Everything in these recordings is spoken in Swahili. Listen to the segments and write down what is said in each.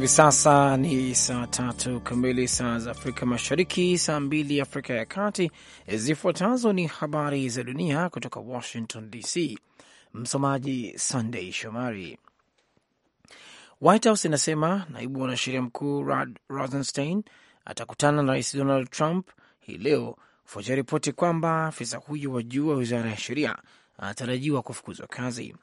Hivi sasa ni saa tatu kamili saa za Afrika Mashariki, saa mbili Afrika ya Kati. Zifuatazo ni habari za dunia kutoka Washington DC. Msomaji sandey Shomari. White House inasema naibu mwanasheria mkuu Rod Rosenstein atakutana na rais Donald Trump hii leo kufuatia ripoti kwamba afisa huyo wa juu wa wizara ya sheria anatarajiwa kufukuzwa kazi.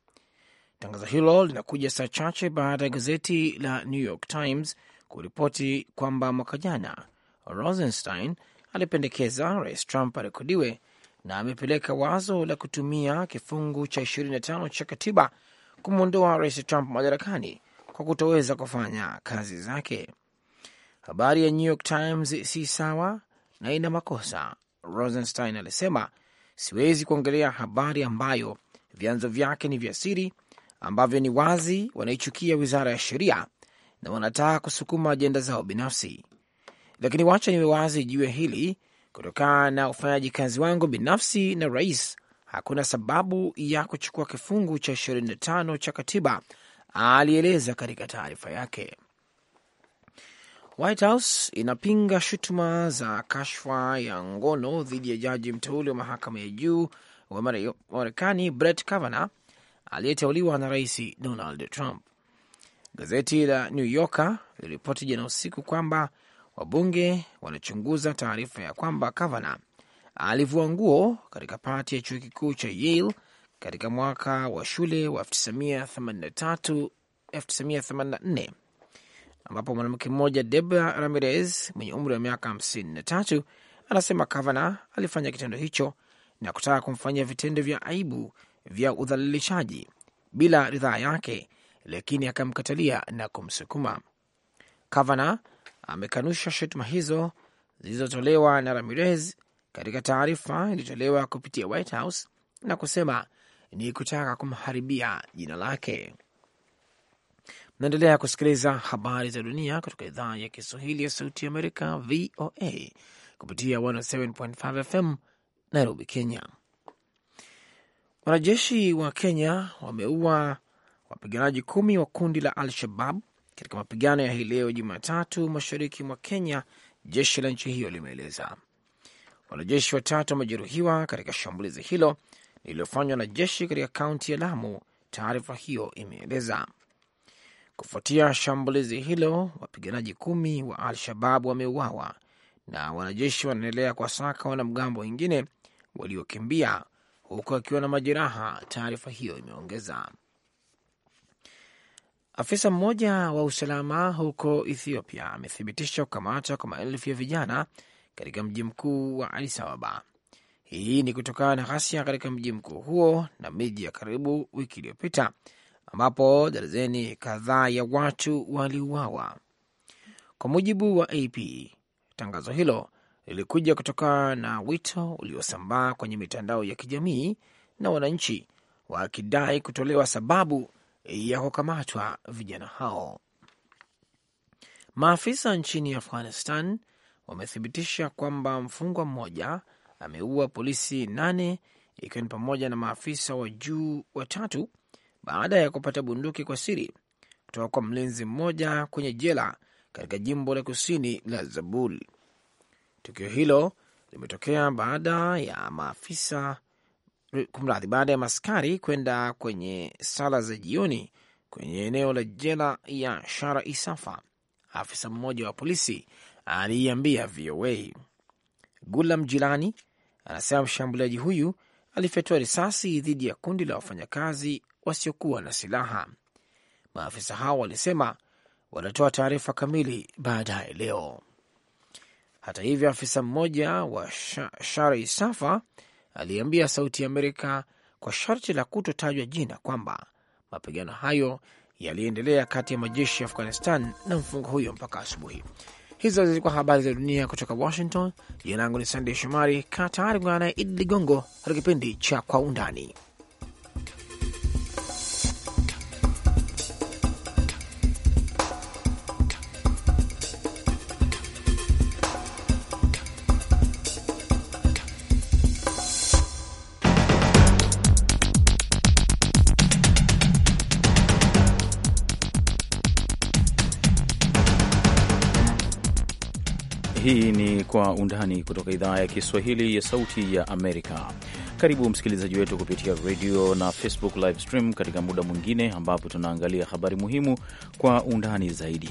Tangazo hilo linakuja saa chache baada ya gazeti la New York Times kuripoti kwamba mwaka jana Rosenstein alipendekeza Rais Trump arekodiwe na amepeleka wazo la kutumia kifungu cha 25 cha katiba kumwondoa Rais Trump madarakani kwa kutoweza kufanya kazi zake. Habari ya New York Times si sawa na ina makosa, Rosenstein alisema. Siwezi kuongelea habari ambayo vyanzo vyake ni vya siri ambavyo ni wazi wanaichukia wizara ya sheria na wanataka kusukuma ajenda zao binafsi. Lakini wacha niwe wazi juu ya hili, kutokana na ufanyaji kazi wangu binafsi na rais, hakuna sababu ya kuchukua kifungu cha 25 cha katiba, alieleza katika taarifa yake. White House inapinga shutuma za kashfa ya ngono dhidi ya jaji mteule wa mahakama ya juu wa Marekani Brett Kavanaugh aliyeteuliwa na Rais Donald Trump. Gazeti la New Yorker liliripoti jana usiku kwamba wabunge wanachunguza taarifa ya kwamba Kavanaugh alivua nguo katika pati ya chuo kikuu cha Yale katika mwaka wa shule wa 1983 1984 ambapo mwanamke mmoja Debra Ramirez mwenye umri wa miaka 53 anasema Kavanaugh alifanya kitendo hicho na kutaka kumfanyia vitendo vya aibu vya udhalilishaji bila ridhaa yake, lakini akamkatalia na kumsukuma. Kavana amekanusha shutuma hizo zilizotolewa na Ramirez katika taarifa iliyotolewa kupitia White House na kusema ni kutaka kumharibia jina lake. Mnaendelea kusikiliza habari za dunia kutoka idhaa ya Kiswahili ya Sauti ya Amerika, VOA, kupitia 107.5 FM Nairobi, Kenya. Wanajeshi wa Kenya wameua wapiganaji kumi wa kundi la Al-Shabab katika mapigano ya hii leo Jumatatu mashariki mwa Kenya, jeshi la nchi hiyo limeeleza. Wanajeshi watatu wamejeruhiwa katika shambulizi hilo lililofanywa na jeshi katika kaunti ya Lamu, taarifa hiyo imeeleza. Kufuatia shambulizi hilo, wapiganaji kumi wa Al-Shabab wameuawa na wanajeshi wanaendelea kuwasaka wanamgambo wengine waliokimbia huku akiwa na majeraha, taarifa hiyo imeongeza. Afisa mmoja wa usalama huko Ethiopia amethibitisha kukamatwa kwa maelfu ya vijana katika mji mkuu wa Addis Ababa. Hii ni kutokana na ghasia katika mji mkuu huo na miji ya karibu wiki iliyopita, ambapo darzeni kadhaa ya watu waliuawa, kwa mujibu wa AP. Tangazo hilo lilikuja kutokana na wito uliosambaa kwenye mitandao ya kijamii na wananchi wakidai kutolewa sababu ya kukamatwa vijana hao. Maafisa nchini Afghanistan wamethibitisha kwamba mfungwa mmoja ameua polisi nane ikiwa ni pamoja na maafisa wa juu watatu baada ya kupata bunduki kwa siri kutoka kwa mlinzi mmoja kwenye jela katika jimbo la kusini la Zabul. Tukio hilo limetokea baada ya maafisa kumradhi, baada ya maskari kwenda kwenye sala za jioni kwenye eneo la jela ya Shara Isafa. Afisa mmoja wa polisi aliiambia VOA. Gulam Jilani anasema mshambuliaji huyu alifyatua risasi dhidi ya kundi la wafanyakazi wasiokuwa na silaha. Maafisa hao walisema watatoa taarifa kamili baadaye leo. Hata hivyo, afisa mmoja wa Shari Safa aliambia Sauti ya Amerika kwa sharti la kutotajwa jina kwamba mapigano hayo yaliendelea kati ya majeshi ya Afghanistan na mfungo huyo mpaka asubuhi. Hizo zilikuwa habari za dunia kutoka Washington. Jina langu ni Sandey Shomari. Kaa tayari kuungana naye Idi Ligongo katika kipindi cha Kwa Undani. Kwa Undani kutoka idhaa ya Kiswahili ya Sauti ya Amerika. Karibu msikilizaji wetu kupitia radio na Facebook live stream katika muda mwingine ambapo tunaangalia habari muhimu kwa undani zaidi.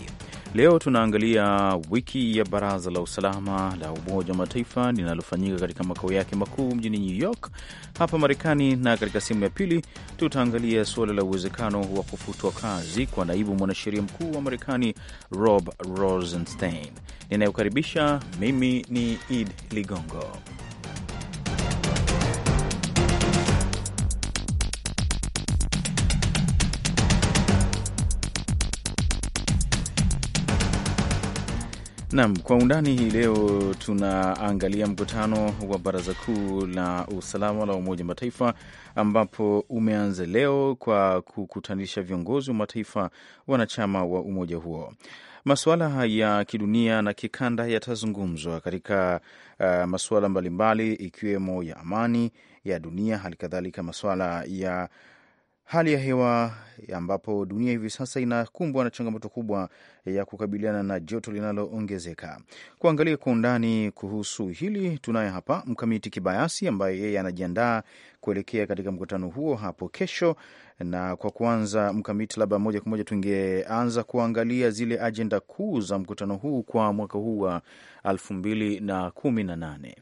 Leo tunaangalia wiki ya Baraza la Usalama la Umoja wa Mataifa linalofanyika katika makao yake makuu mjini New York hapa Marekani, na katika sehemu ya pili tutaangalia suala la uwezekano wa kufutwa kazi kwa naibu mwanasheria mkuu wa Marekani Rob Rosenstein ninayokaribisha mimi ni Id Ligongo. Nam, kwa undani hii leo tunaangalia mkutano wa Baraza Kuu la Usalama la Umoja wa Mataifa ambapo umeanza leo kwa kukutanisha viongozi wa mataifa wanachama wa umoja huo. Masuala ya kidunia na kikanda yatazungumzwa katika uh, masuala mbalimbali ikiwemo ya amani ya dunia, hali kadhalika masuala ya hali ya hewa ambapo dunia hivi sasa inakumbwa na changamoto kubwa ya kukabiliana na joto linaloongezeka. Kuangalia kwa undani kuhusu hili, tunaye hapa Mkamiti Kibayasi ambaye yeye anajiandaa kuelekea katika mkutano huo hapo kesho. Na kwa kuanza, Mkamiti, labda moja kwa moja tungeanza kuangalia zile ajenda kuu za mkutano huu kwa mwaka huu wa elfu mbili na kumi na nane.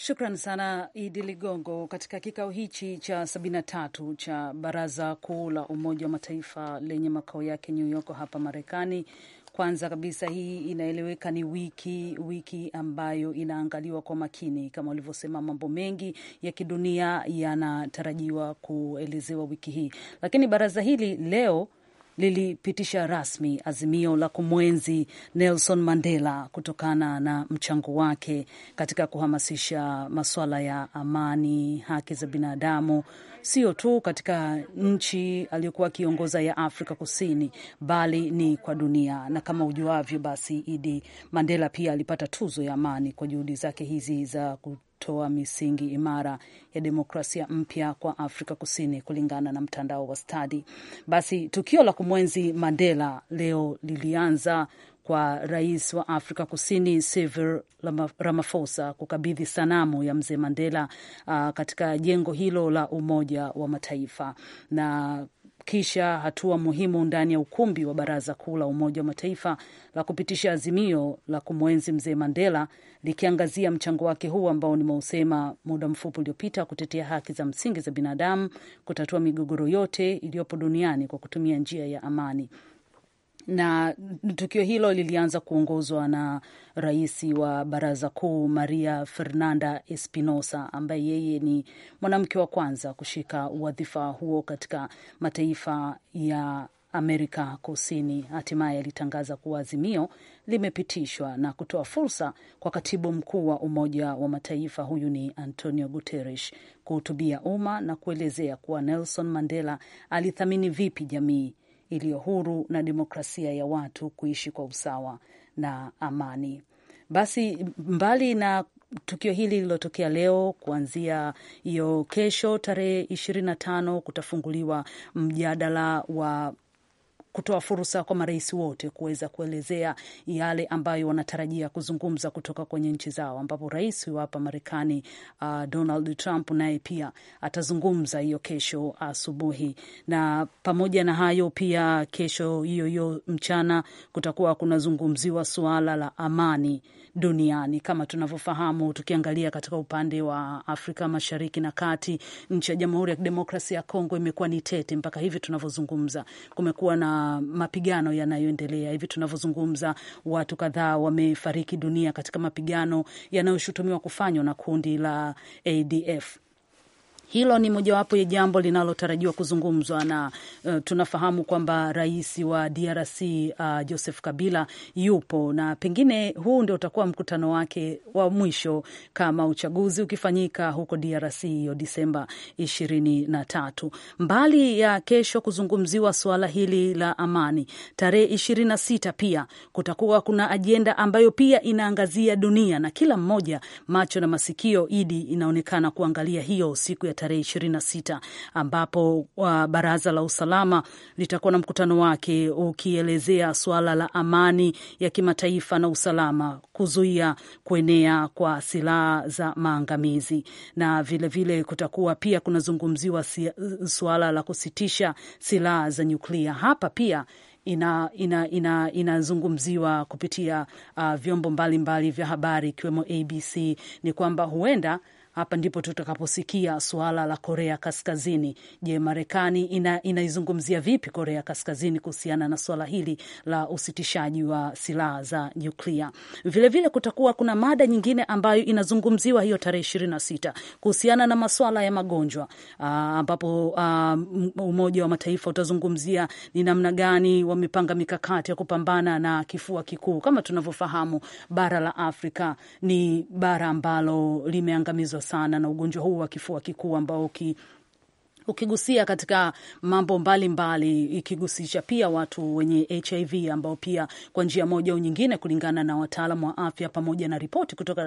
Shukran sana Idi Ligongo. Katika kikao hichi cha 73 cha Baraza Kuu la Umoja wa Mataifa lenye makao yake New York hapa Marekani, kwanza kabisa hii inaeleweka ni wiki wiki ambayo inaangaliwa kwa makini. Kama ulivyosema, mambo mengi ya kidunia yanatarajiwa kuelezewa wiki hii, lakini baraza hili leo lilipitisha rasmi azimio la kumwenzi Nelson Mandela kutokana na mchango wake katika kuhamasisha masuala ya amani, haki za binadamu sio tu katika nchi aliyokuwa akiongoza ya Afrika Kusini, bali ni kwa dunia. Na kama ujuavyo, basi Idi Mandela pia alipata tuzo ya amani kwa juhudi zake hizi za kutoa misingi imara ya demokrasia mpya kwa Afrika Kusini, kulingana na mtandao wa Stadi. Basi tukio la kumwenzi Mandela leo lilianza kwa rais wa Afrika Kusini Cyril Ramaphosa kukabidhi sanamu ya mzee Mandela uh, katika jengo hilo la Umoja wa Mataifa na kufanikisha hatua muhimu ndani ya ukumbi wa Baraza Kuu la Umoja wa Mataifa la kupitisha azimio la kumwenzi mzee Mandela, likiangazia mchango wake huu ambao nimeusema muda mfupi uliopita, kutetea haki za msingi za binadamu, kutatua migogoro yote iliyopo duniani kwa kutumia njia ya amani na tukio hilo lilianza kuongozwa na rais wa baraza kuu Maria Fernanda Espinosa, ambaye yeye ni mwanamke wa kwanza kushika wadhifa huo katika mataifa ya Amerika Kusini. Hatimaye alitangaza kuwa azimio limepitishwa na kutoa fursa kwa katibu mkuu wa Umoja wa Mataifa, huyu ni Antonio Guterres, kuhutubia umma na kuelezea kuwa Nelson Mandela alithamini vipi jamii iliyo huru na demokrasia ya watu kuishi kwa usawa na amani. Basi mbali na tukio hili lililotokea leo, kuanzia hiyo kesho tarehe ishirini na tano kutafunguliwa mjadala wa kutoa fursa kwa marais wote kuweza kuelezea yale ambayo wanatarajia kuzungumza kutoka kwenye nchi zao, ambapo rais wa hapa Marekani uh, Donald Trump naye pia atazungumza hiyo kesho asubuhi. Uh, na pamoja na hayo pia kesho hiyo hiyo mchana kutakuwa kunazungumziwa suala la amani duniani. Kama tunavyofahamu, tukiangalia katika upande wa Afrika Mashariki na Kati, nchi ya Jamhuri ya Kidemokrasia ya Kongo imekuwa ni tete mpaka hivi tunavyozungumza. Kumekuwa na mapigano yanayoendelea hivi tunavyozungumza, watu kadhaa wamefariki dunia katika mapigano yanayoshutumiwa kufanywa na kundi la ADF hilo ni mojawapo ya jambo linalotarajiwa kuzungumzwa na uh, tunafahamu kwamba rais wa DRC uh, ah, Joseph Kabila yupo na pengine huu ndio utakuwa mkutano wake wa mwisho kama uchaguzi ukifanyika huko DRC hiyo Disemba ishirini na tatu. Mbali ya kesho kuzungumziwa suala hili la amani, tarehe ishirini na sita pia kutakuwa kuna ajenda ambayo pia inaangazia dunia na kila mmoja macho na masikio idi inaonekana kuangalia hiyo siku ya tarehe sita ambapo uh, baraza la usalama litakuwa na mkutano wake ukielezea suala la amani ya kimataifa na usalama, kuzuia kuenea kwa silaha za maangamizi, na vilevile vile kutakuwa pia kunazungumziwa suala la kusitisha silaha za nyuklia. Hapa pia inazungumziwa ina, ina, ina kupitia uh, vyombo mbalimbali vya habari ikiwemo ABC ni kwamba huenda hapa ndipo tutakaposikia suala la Korea Kaskazini. Je, Marekani ina, inaizungumzia vipi Korea Kaskazini kuhusiana na suala hili la usitishaji wa silaha za nyuklia? Vilevile kutakuwa kuna mada nyingine ambayo inazungumziwa hiyo tarehe ishirini na sita kuhusiana na maswala ya magonjwa ah, ambapo ah, Umoja wa Mataifa utazungumzia ni namna gani wamepanga mikakati ya kupambana na kifua kikuu. Kama tunavyofahamu bara la Afrika ni bara ambalo limeangamizwa sana na ugonjwa huu wa kifua kikuu ambao ukigusia katika mambo mbalimbali, ikigusisha pia watu wenye HIV ambao pia kwa njia moja au nyingine, kulingana na wataalam wa afya pamoja na ripoti kutoka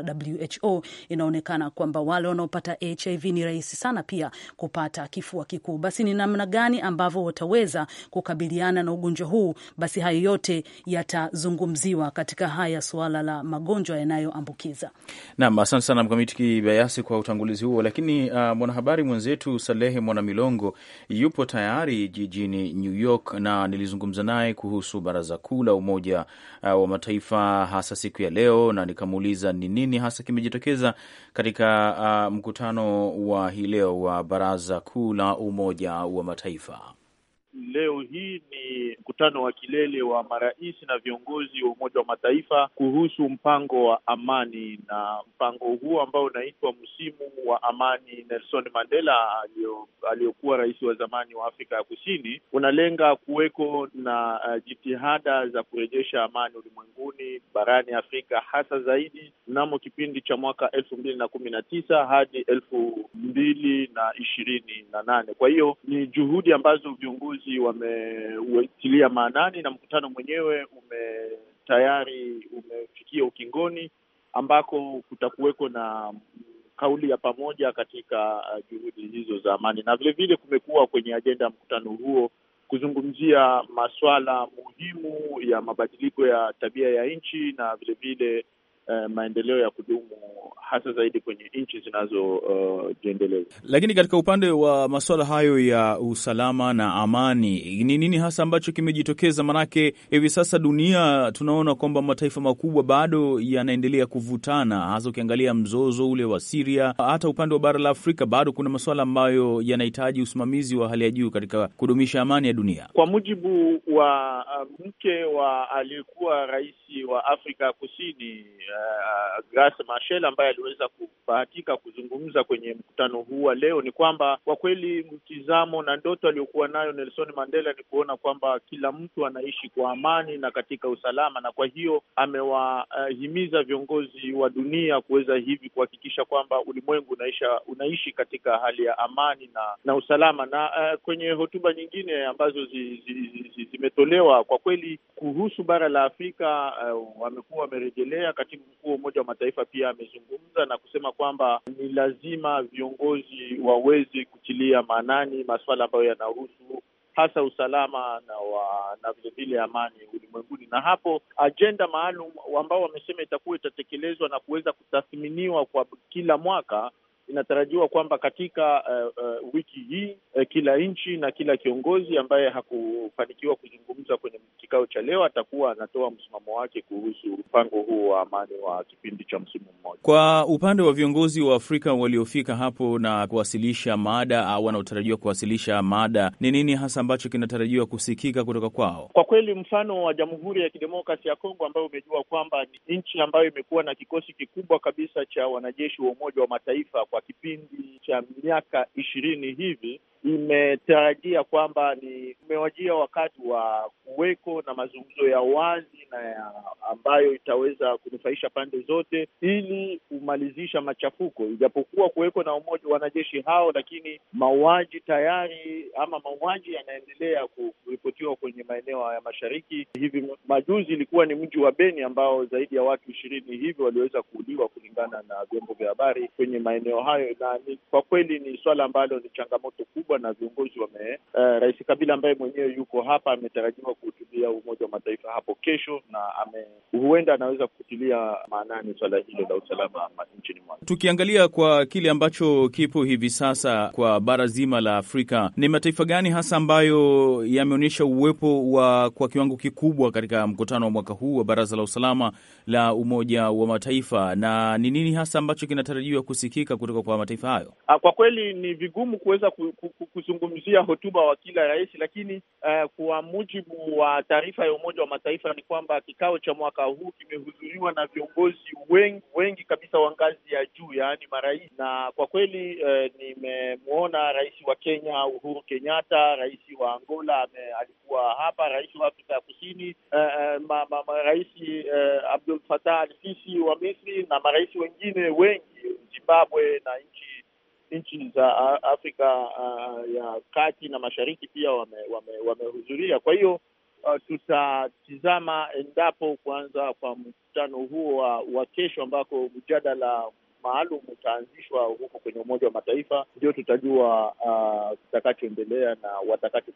WHO, inaonekana kwamba wale wanaopata HIV ni rahisi sana pia kupata kifua kikuu. Basi ni namna gani ambavyo wataweza kukabiliana na ugonjwa huu? Basi hayo yote yatazungumziwa katika haya suala la magonjwa yanayoambukiza. Naam, asante sana Mkamiti Kibayasi kwa utangulizi huo, lakini uh, mwanahabari mwenzetu Salehe Mwanami Milongo yupo tayari jijini New York na nilizungumza naye kuhusu Baraza Kuu la Umoja uh, wa Mataifa hasa siku ya leo, na nikamuuliza ni nini hasa kimejitokeza katika uh, mkutano wa hii leo wa Baraza Kuu la Umoja wa Mataifa. Leo hii ni mkutano wa kilele wa marais na viongozi wa Umoja wa Mataifa kuhusu mpango wa amani, na mpango huu ambao unaitwa msimu wa amani, Nelson Mandela aliyokuwa rais wa zamani wa Afrika ya Kusini, unalenga kuweko na eh, jitihada za kurejesha amani ulimwenguni barani Afrika, hasa zaidi mnamo kipindi cha mwaka elfu mbili na kumi na tisa hadi elfu mbili na ishirini na nane. Kwa hiyo ni juhudi ambazo viongozi viongozi wameuitilia maanani na mkutano mwenyewe ume tayari umefikia ukingoni ambako kutakuweko na kauli ya pamoja katika uh, juhudi hizo za amani, na vilevile kumekuwa kwenye ajenda ya mkutano huo kuzungumzia masuala muhimu ya mabadiliko ya tabia ya nchi na vilevile Eh, maendeleo ya kudumu hasa zaidi kwenye nchi zinazojiendeleza. Eh, uh, lakini katika upande wa masuala hayo ya usalama na amani, ni nini hasa ambacho kimejitokeza? Maanake hivi sasa dunia tunaona kwamba mataifa makubwa bado yanaendelea kuvutana, hasa ukiangalia mzozo ule wa Siria. Hata upande wa bara la Afrika bado kuna masuala ambayo yanahitaji usimamizi wa hali ya juu katika kudumisha amani ya dunia. Kwa mujibu wa eh, mke wa aliyekuwa rais wa Afrika Kusini uh, Grace Machel ambaye aliweza ku bahatika kuzungumza kwenye mkutano huu wa leo ni kwamba kwa kweli mtizamo na ndoto aliyokuwa nayo Nelson Mandela ni kuona kwamba kila mtu anaishi kwa amani na katika usalama, na kwa hiyo amewahimiza uh, viongozi wa dunia kuweza hivi kuhakikisha kwamba ulimwengu unaisha, unaishi katika hali ya amani na, na usalama. Na uh, kwenye hotuba nyingine ambazo zimetolewa zi, zi, zi kwa kweli kuhusu bara la Afrika uh, wamekuwa wamerejelea. Katibu mkuu wa Umoja wa Mataifa pia amezungumza na kusema kwamba ni lazima viongozi waweze kutilia maanani masuala ambayo yanahusu hasa usalama na wa, na vilevile amani ulimwenguni, na hapo ajenda maalum ambao wamesema itakuwa itatekelezwa na kuweza kutathminiwa kwa kila mwaka inatarajiwa kwamba katika uh, uh, wiki hii uh, kila nchi na kila kiongozi ambaye hakufanikiwa kuzungumza kwenye kikao cha leo atakuwa anatoa msimamo wake kuhusu mpango huo wa amani wa kipindi cha msimu mmoja. Kwa upande wa viongozi wa Afrika waliofika hapo na kuwasilisha mada au wanaotarajiwa kuwasilisha mada, ni nini hasa ambacho kinatarajiwa kusikika kutoka kwao? Kwa kweli, mfano wa Jamhuri ya Kidemokrasi ya Kongo ambayo umejua kwamba ni nchi ambayo imekuwa na kikosi kikubwa kabisa cha wanajeshi wa Umoja wa Mataifa kwa kipindi cha miaka ishirini hivi imetarajia kwamba ni umewajia wakati wa kuweko na mazungumzo ya wazi na ya ambayo itaweza kunufaisha pande zote ili kumalizisha machafuko, ijapokuwa kuweko na umoja wanajeshi hao, lakini mauaji tayari ama mauaji yanaendelea kuripotiwa kwenye maeneo ya mashariki. Hivi majuzi ilikuwa ni mji wa Beni ambao zaidi ya watu ishirini hivi waliweza kuuliwa kulingana na vyombo vya habari kwenye maeneo hayo, na ni, kwa kweli ni swala ambalo ni changamoto kubwa kulikuwa na viongozi wame uh, eh, Rais Kabila ambaye mwenyewe yuko hapa ametarajiwa kuhutubia Umoja wa Mataifa hapo kesho, na ame huenda anaweza kutilia maanani swala hilo la usalama nchini mwake. Tukiangalia kwa kile ambacho kipo hivi sasa kwa bara zima la Afrika, ni mataifa gani hasa ambayo yameonyesha uwepo wa kwa kiwango kikubwa katika mkutano wa mwaka huu wa Baraza la Usalama la Umoja wa Mataifa, na ni nini hasa ambacho kinatarajiwa kusikika kutoka kwa mataifa hayo? Ah, kwa kweli ni vigumu kuweza ku, ku, kuzungumzia hotuba wa kila rais, lakini uh, kwa mujibu wa taarifa ya Umoja wa Mataifa ni kwamba kikao cha mwaka huu kimehudhuriwa na viongozi wengi, wengi kabisa wa ngazi ya juu, yaani marais. Na kwa kweli uh, nimemwona rais wa Kenya Uhuru Kenyatta, rais wa Angola ame, alikuwa hapa, rais wa Afrika ya Kusini uh, ma, ma, ma, rais uh, Abdul Fatah al-Sisi wa Misri na marais wengine wengi Zimbabwe na nchi nchi za Afrika uh, ya kati na mashariki pia wamehudhuria wame, wame. Kwa hiyo uh, tutatizama endapo kuanza kwa mkutano huo wa kesho ambako mjadala maalum utaanzishwa huko kwenye Umoja wa Mataifa, ndio tutajua uh, kitakachoendelea na watakacho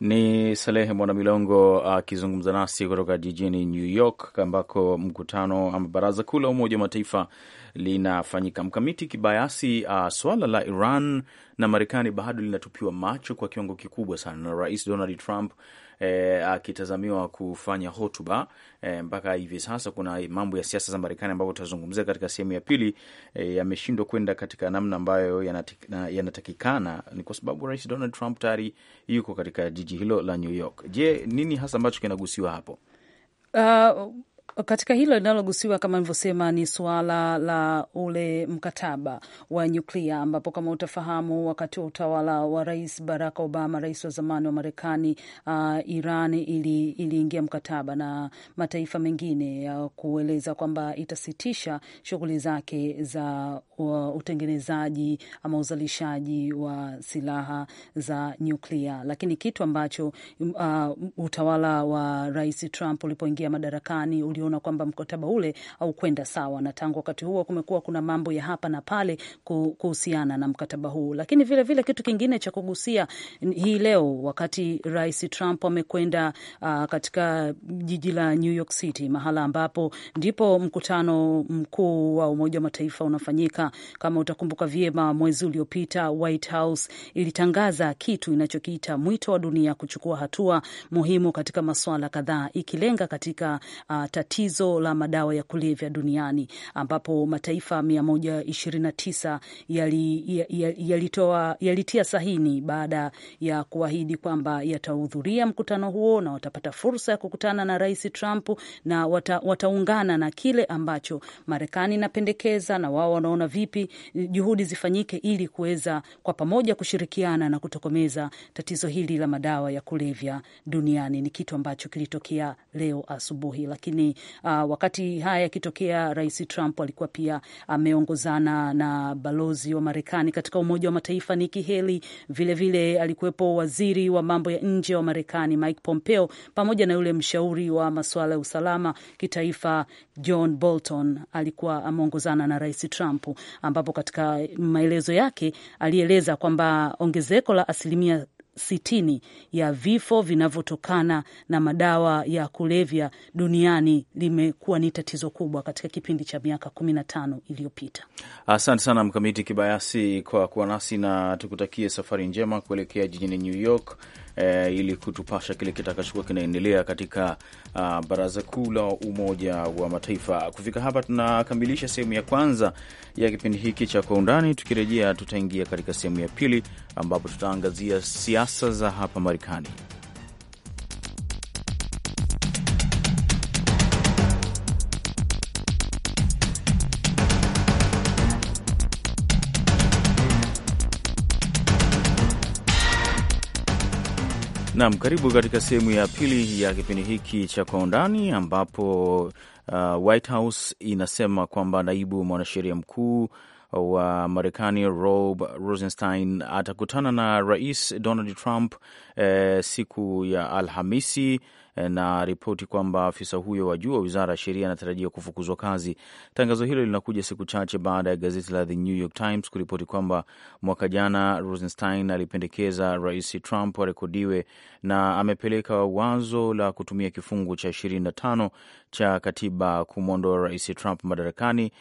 ni Salehe Mwanamilongo uh, akizungumza nasi kutoka jijini New York ambako mkutano ama baraza kuu la Umoja wa Mataifa linafanyika. Mkamiti Kibayasi, uh, swala la Iran na Marekani bado linatupiwa macho kwa kiwango kikubwa sana na Rais Donald Trump e, akitazamiwa kufanya hotuba e, mpaka hivi sasa kuna mambo ya siasa za Marekani ambayo tutazungumzia katika sehemu ya pili e, yameshindwa kwenda katika namna ambayo yanatakikana, ni kwa sababu Rais Donald Trump tayari yuko katika jiji hilo la New York. Je, nini hasa ambacho kinagusiwa hapo? Uh, katika hilo linalogusiwa kama nilivyosema, ni suala la ule mkataba wa nyuklia, ambapo kama utafahamu, wakati wa utawala wa Rais Barack Obama, rais wa zamani wa Marekani, uh, Iran iliingia ili mkataba na mataifa mengine ya uh, kueleza kwamba itasitisha shughuli zake za uh, utengenezaji ama uzalishaji wa silaha za nyuklia, lakini kitu ambacho uh, utawala wa Rais Trump ulipoingia madarakani ulio waliona kwamba mkataba ule au kwenda sawa, na tangu wakati huo kumekuwa kuna mambo ya hapa na pale kuhusiana na mkataba huu. Lakini vilevile vile kitu kingine cha kugusia hii leo, wakati Rais Trump amekwenda uh, katika jiji la New York City, mahala ambapo ndipo mkutano mkuu wa Umoja wa Mataifa unafanyika. Kama utakumbuka vyema, mwezi uliopita White House ilitangaza kitu inachokiita mwito wa dunia kuchukua hatua muhimu katika masuala kadhaa, ikilenga katika uh, tatizo tatizo la madawa ya kulevya duniani ambapo mataifa 129 yali, yalitoa yalitia sahini baada ya kuahidi kwamba yatahudhuria mkutano huo na watapata fursa ya kukutana na Rais Trump na wata, wataungana na kile ambacho Marekani inapendekeza na wao wanaona vipi juhudi zifanyike ili kuweza kwa pamoja kushirikiana na kutokomeza tatizo hili la madawa ya kulevya duniani. Ni kitu ambacho kilitokea leo asubuhi, lakini Uh, wakati haya yakitokea, Rais Trump alikuwa pia ameongozana na balozi wa Marekani katika Umoja wa Mataifa Nikki Haley, vilevile alikuwepo waziri wa mambo ya nje wa Marekani Mike Pompeo pamoja na yule mshauri wa masuala ya usalama kitaifa John Bolton alikuwa ameongozana na Rais Trump, ambapo katika maelezo yake alieleza kwamba ongezeko la asilimia sitini ya vifo vinavyotokana na madawa ya kulevya duniani limekuwa ni tatizo kubwa katika kipindi cha miaka kumi na tano iliyopita. Asante sana Mkamiti Kibayasi kwa kuwa nasi na tukutakie safari njema kuelekea jijini New York eh, ili kutupasha kile kitakachokuwa kinaendelea katika uh, baraza kuu la Umoja wa Mataifa. Kufika hapa, tunakamilisha sehemu ya kwanza ya kipindi hiki cha Kwa Undani. Tukirejea tutaingia katika sehemu ya pili ambapo tutaangazia siasa za hapa Marekani. Naam, karibu katika sehemu ya pili ya kipindi hiki cha Kwa Undani, ambapo uh, White House inasema kwamba naibu mwanasheria mkuu wa Marekani Rob Rosenstein atakutana na Rais Donald Trump eh, siku ya Alhamisi eh, na ripoti kwamba afisa huyo wa juu wa wizara ya sheria anatarajia kufukuzwa kazi. Tangazo hilo linakuja siku chache baada ya gazeti la The New York Times kuripoti kwamba mwaka jana Rosenstein alipendekeza Rais Trump arekodiwe na amepeleka wazo la kutumia kifungu cha 25 cha katiba kumwondoa Rais Trump madarakani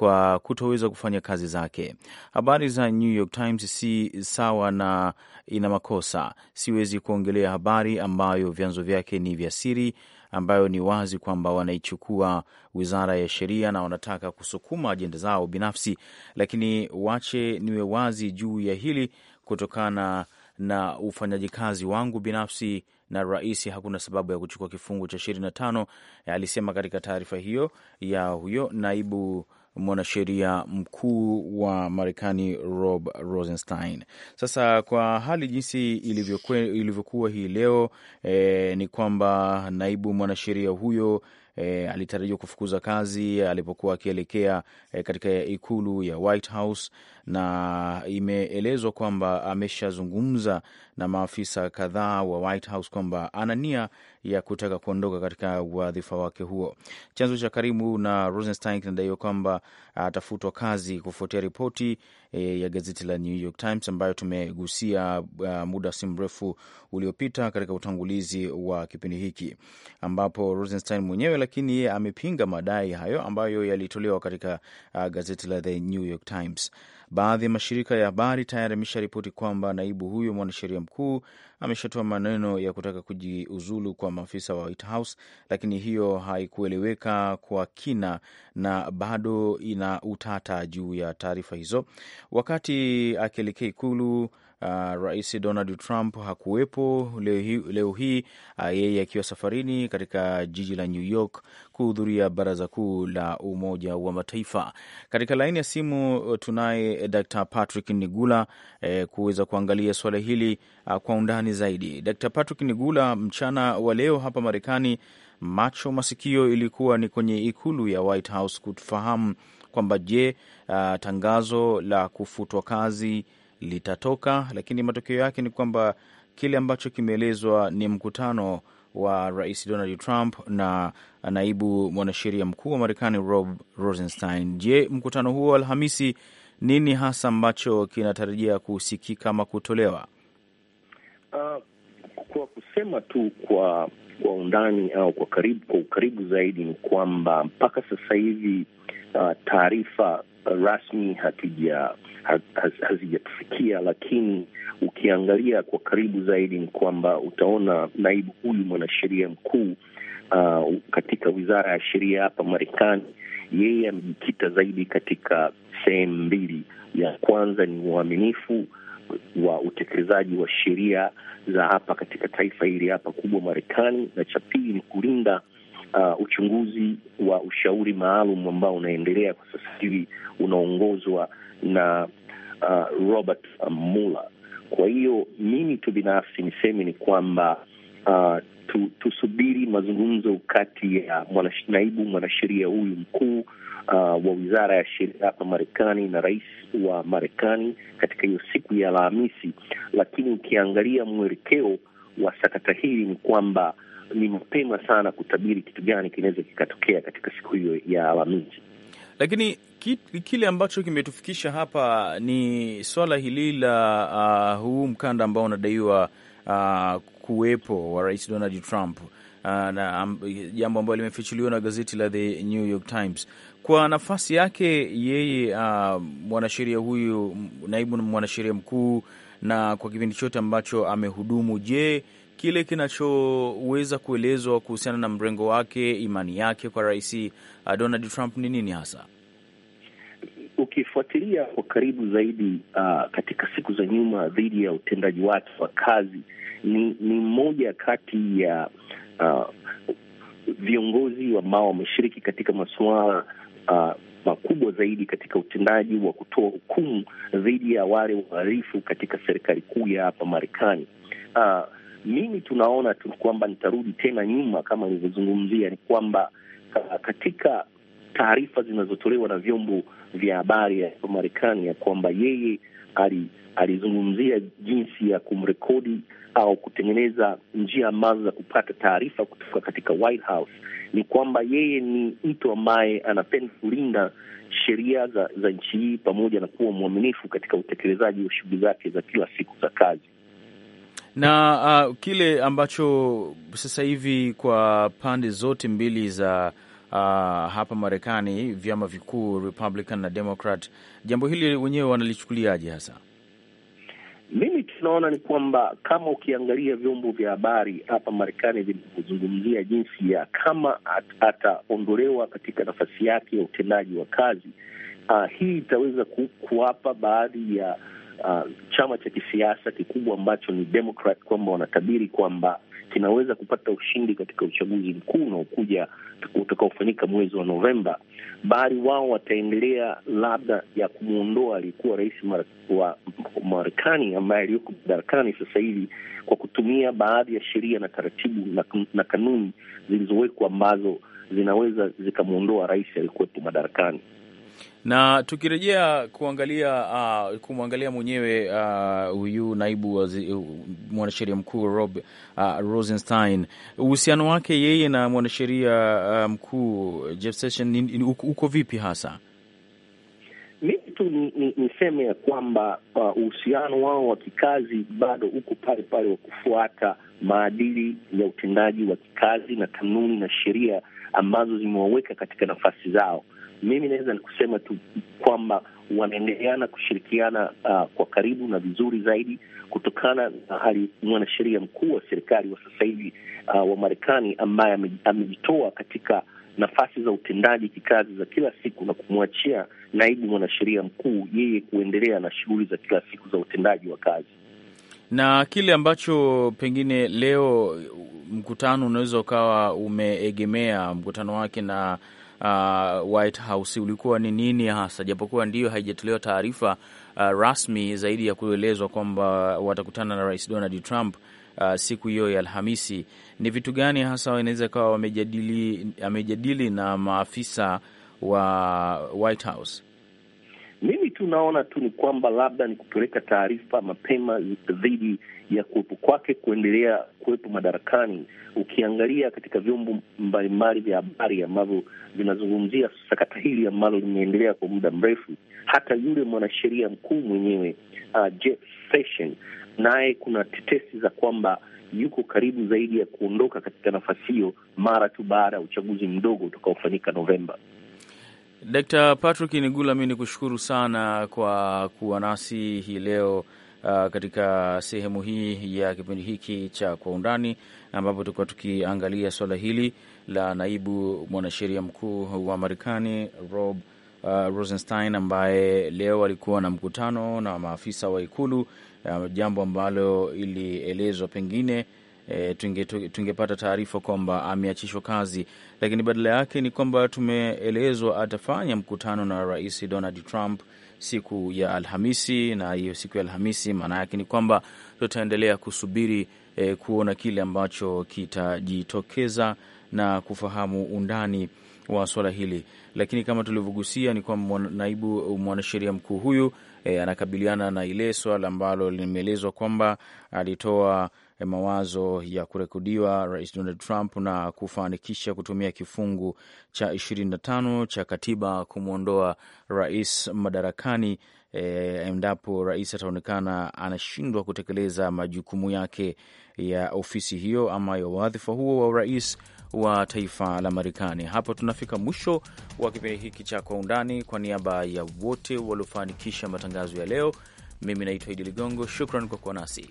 kwa kutoweza kufanya kazi zake. Habari za New York Times si sawa na ina makosa. Siwezi kuongelea habari ambayo vyanzo vyake ni vya siri, ambayo ni wazi kwamba wanaichukua wizara ya sheria na wanataka kusukuma ajenda zao binafsi, lakini wache niwe wazi juu ya hili kutokana na ufanyaji kazi wangu binafsi na rais hakuna sababu ya kuchukua kifungu cha ishirini na tano, alisema katika taarifa hiyo ya huyo naibu mwanasheria mkuu wa Marekani Rob Rosenstein. Sasa kwa hali jinsi ilivyokuwa hii leo e, ni kwamba naibu mwanasheria huyo E, alitarajiwa kufukuza kazi alipokuwa akielekea e, katika ikulu ya White House na imeelezwa kwamba ameshazungumza na maafisa kadhaa wa White House kwamba ana nia ya kutaka kuondoka katika wadhifa wake huo. Chanzo cha karibu na Rosenstein kinadaiwa kwamba atafutwa kazi kufuatia ripoti e, ya gazeti la New York Times ambayo tumegusia a, e, muda si mrefu uliopita katika utangulizi wa kipindi hiki, ambapo Rosenstein mwenyewe lakini amepinga madai hayo ambayo yalitolewa katika a, e, gazeti la The New York Times. Baadhi ya mashirika ya habari tayari amesha ripoti kwamba naibu huyo mwanasheria mkuu ameshatoa maneno ya kutaka kujiuzulu kwa maafisa wa White House, lakini hiyo haikueleweka kwa kina na bado ina utata juu ya taarifa hizo. Wakati akielekea Ikulu, uh, Rais Donald Trump hakuwepo leo hii, leo hii uh, yeye akiwa safarini katika jiji la New York kuhudhuria baraza kuu la Umoja wa Mataifa. Katika laini ya simu eh, tunaye eh, Dr. Patrick Nigula eh, kuweza kuangalia suala hili uh, kwa undani zaidi. Dr. Patrick Nigula, mchana wa leo hapa Marekani macho masikio ilikuwa ni kwenye ikulu ya White House kufahamu kwamba je, uh, tangazo la kufutwa kazi litatoka, lakini matokeo yake ni kwamba kile ambacho kimeelezwa ni mkutano wa Rais Donald Trump na naibu mwanasheria mkuu wa Marekani Rob Rosenstein. Je, mkutano huo Alhamisi, nini hasa ambacho kinatarajia kusikika ama kutolewa? Uh, kwa kusema tu kwa kwa undani au kwa karibu, kwa ukaribu zaidi ni kwamba mpaka sasa hivi uh, taarifa uh, rasmi hatuja hazijafikia, lakini ukiangalia kwa karibu zaidi ni kwamba utaona naibu huyu mwanasheria mkuu uh, katika wizara ya sheria hapa Marekani, yeye amejikita zaidi katika sehemu mbili. Ya kwanza ni uaminifu wa utekelezaji wa sheria za hapa katika taifa hili hapa kubwa Marekani, na cha pili ni kulinda Uh, uchunguzi wa ushauri maalum ambao unaendelea kwa sasa hivi unaongozwa na uh, Robert Mueller. Kwa hiyo mimi tu binafsi niseme ni kwamba uh, tu, tusubiri mazungumzo kati ya mwana, naibu mwanasheria huyu mkuu uh, wa wizara ya sheria hapa Marekani na rais wa Marekani katika hiyo siku ya Alhamisi, lakini ukiangalia mwelekeo wa sakata hili ni kwamba ni mapema sana kutabiri kitu gani kinaweza kikatokea katika siku hiyo ya Alhamisi. Lakini kile ambacho kimetufikisha hapa ni swala hili la uh, huu mkanda ambao unadaiwa uh, kuwepo wa Rais Donald Trump uh, na jambo ambayo ambalo limefichuliwa na gazeti la The New York Times. Kwa nafasi yake yeye, uh, mwanasheria huyu, naibu mwanasheria mkuu, na kwa kipindi chote ambacho amehudumu, je, kile kinachoweza kuelezwa kuhusiana na mrengo wake, imani yake kwa Rais uh, Donald Trump ni nini hasa? ukifuatilia kwa karibu zaidi uh, katika siku za nyuma dhidi ya utendaji wake wa kazi ni, ni mmoja kati ya uh, viongozi ambao wameshiriki katika masuala uh, makubwa zaidi katika utendaji wa kutoa hukumu dhidi ya wale uharifu katika serikali kuu ya hapa Marekani. Uh, mimi tunaona tu kwamba nitarudi tena nyuma kama nilivyozungumzia, ni kwamba uh, katika taarifa zinazotolewa na vyombo vya habari ya Marekani ya kwamba yeye alizungumzia jinsi ya kumrekodi au kutengeneza njia ambazo za kupata taarifa kutoka katika White House, ni kwamba yeye ni mtu ambaye anapenda kulinda sheria za, za nchi hii pamoja na kuwa mwaminifu katika utekelezaji wa shughuli zake za kila siku za kazi na uh, kile ambacho sasa hivi kwa pande zote mbili za uh, hapa Marekani, vyama vikuu Republican na Democrat, jambo hili wenyewe wanalichukuliaje hasa? Mimi tunaona ni kwamba kama ukiangalia vyombo vya habari hapa Marekani vinavyozungumzia jinsi ya kama ataondolewa katika nafasi yake ya utendaji wa kazi, uh, hii itaweza kuwapa baadhi ya uh, chama cha kisiasa kikubwa ambacho ni Democrat kwamba wanatabiri kwamba kinaweza kupata ushindi katika uchaguzi mkuu unaokuja utakaofanyika mwezi wa Novemba, bali wao wataendelea labda ya kumwondoa aliyekuwa rais wa Marekani ambaye aliyoko madarakani sasa hivi kwa kutumia baadhi ya sheria na taratibu na, na kanuni zilizowekwa ambazo zinaweza zikamwondoa rais aliyekuwepo madarakani na tukirejea kuangalia uh, kumwangalia mwenyewe uh, huyu uh, naibu uh, mwanasheria mkuu Rob uh, Rosenstein, uhusiano wake yeye na mwanasheria uh, mkuu Jeff Sessions uko vipi hasa? Mimi tu niseme ya kwamba uh, uhusiano uh, wao wa kikazi bado uko pale pale wa kufuata maadili ya utendaji wa kikazi na kanuni na sheria ambazo zimewaweka katika nafasi zao mimi naweza nikusema tu kwamba wanaendeleana kushirikiana uh, kwa karibu na vizuri zaidi kutokana na hali mwanasheria mkuu wa serikali wa sasa hivi uh, wa Marekani ambaye amejitoa katika nafasi za utendaji kikazi za kila siku na kumwachia naibu mwanasheria mkuu yeye kuendelea na shughuli za kila siku za utendaji wa kazi. Na kile ambacho pengine leo mkutano unaweza ukawa umeegemea mkutano wake na uh, White House ulikuwa ni nini hasa, japokuwa ndiyo haijatolewa taarifa uh, rasmi zaidi ya kuelezwa kwamba watakutana na Rais Donald Trump uh, siku hiyo ya Alhamisi. Ni vitu gani hasa inaweza kawa wamejadili, amejadili na maafisa wa White House? Mimi tu naona tu ni kwamba labda ni kupeleka taarifa mapema dhidi ya kuwepo kwake kuendelea kuwepo madarakani. Ukiangalia katika vyombo mbalimbali vya habari ambavyo vinazungumzia sakata hili ambalo limeendelea kwa muda mrefu, hata yule mwanasheria mkuu mwenyewe uh, Jeff Sessions naye kuna tetesi za kwamba yuko karibu zaidi ya kuondoka katika nafasi hiyo mara tu baada ya uchaguzi mdogo utakaofanyika Novemba. Dkt. Patrick Nigula, mi ni kushukuru sana kwa kuwa nasi hii leo uh, katika sehemu hii ya kipindi hiki cha Kwa Undani, ambapo tulikuwa tukiangalia suala hili la naibu mwanasheria mkuu wa Marekani Rob uh, Rosenstein ambaye leo alikuwa na mkutano na maafisa wa Ikulu uh, jambo ambalo ilielezwa pengine e, tungepata tunge taarifa kwamba ameachishwa kazi, lakini badala yake ni kwamba tumeelezwa atafanya mkutano na Rais Donald Trump siku ya Alhamisi, na hiyo siku ya Alhamisi maana yake ni kwamba tutaendelea kusubiri e, kuona kile ambacho kitajitokeza na kufahamu undani wa swala hili, lakini kama tulivyogusia ni kwamba naibu mwanasheria mkuu huyu e, anakabiliana na ile swala ambalo limeelezwa kwamba alitoa mawazo ya kurekodiwa Rais Donald Trump na kufanikisha kutumia kifungu cha 25 cha katiba kumwondoa rais madarakani e, endapo rais ataonekana anashindwa kutekeleza majukumu yake ya ofisi hiyo ama ya wadhifa huo wa urais wa taifa la Marekani. Hapo tunafika mwisho wa kipindi hiki cha Kwa Undani. Kwa niaba ya wote waliofanikisha matangazo ya leo, mimi naitwa Idi Ligongo. Shukran kwa kuwa nasi.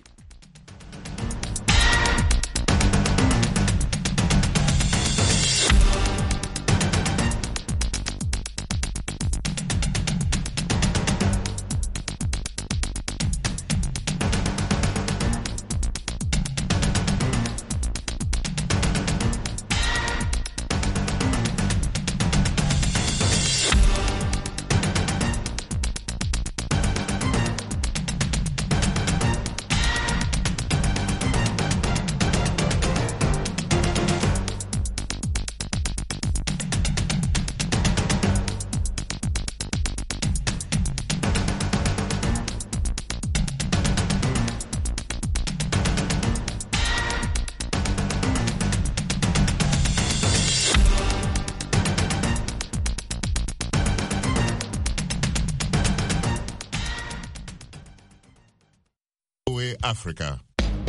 Africa.